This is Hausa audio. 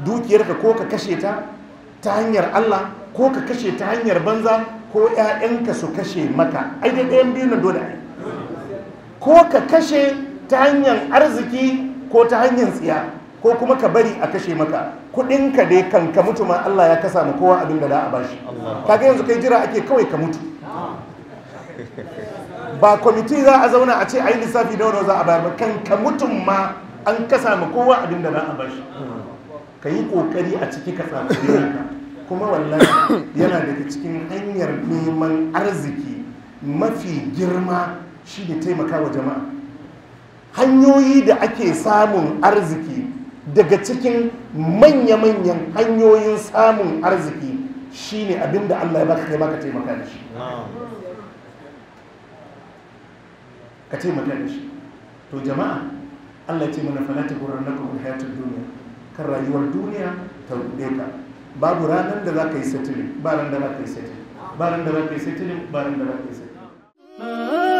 dukiyarka ko ka kashe ta ta hanyar Allah ko ka kashe ta hanyar banza ko ‘ya'yanka su kashe maka ai dai ɗayan biyu na dole ai ko ka kashe ta hanyar arziki ko ta hanyar tsiya ko kuma ka bari a kashe maka kuɗinka dai kan ka mutu ma Allah ya kasa ma kowa abin da za a bashi kaga yanzu kai jira ake kawai ka mutu ba kwamiti za a zauna a ce a yi lissafi da wani za a bayar ba kan ka mutum ma an kasa ma kowa abin da za a bashi ka yi kokari a ciki ka samu ka kuma wallahi yana daga cikin hanyar neman arziki mafi girma shi ne taimaka wa jama'a hanyoyi da ake samun arziki daga cikin manya-manyan hanyoyin samun arziki shi ne abin da allah ya baka kai baka taimaka da shi ka taimaka da shi to jama'a Allah ce mana fala ta gurar na kuma hayatun duniya kan rayuwar duniya ta rube ka babu ranar da za ka yi satirin ba ran da za ka yi satirin ba ran da za ka yi satirin ba ran da za ka yi satirin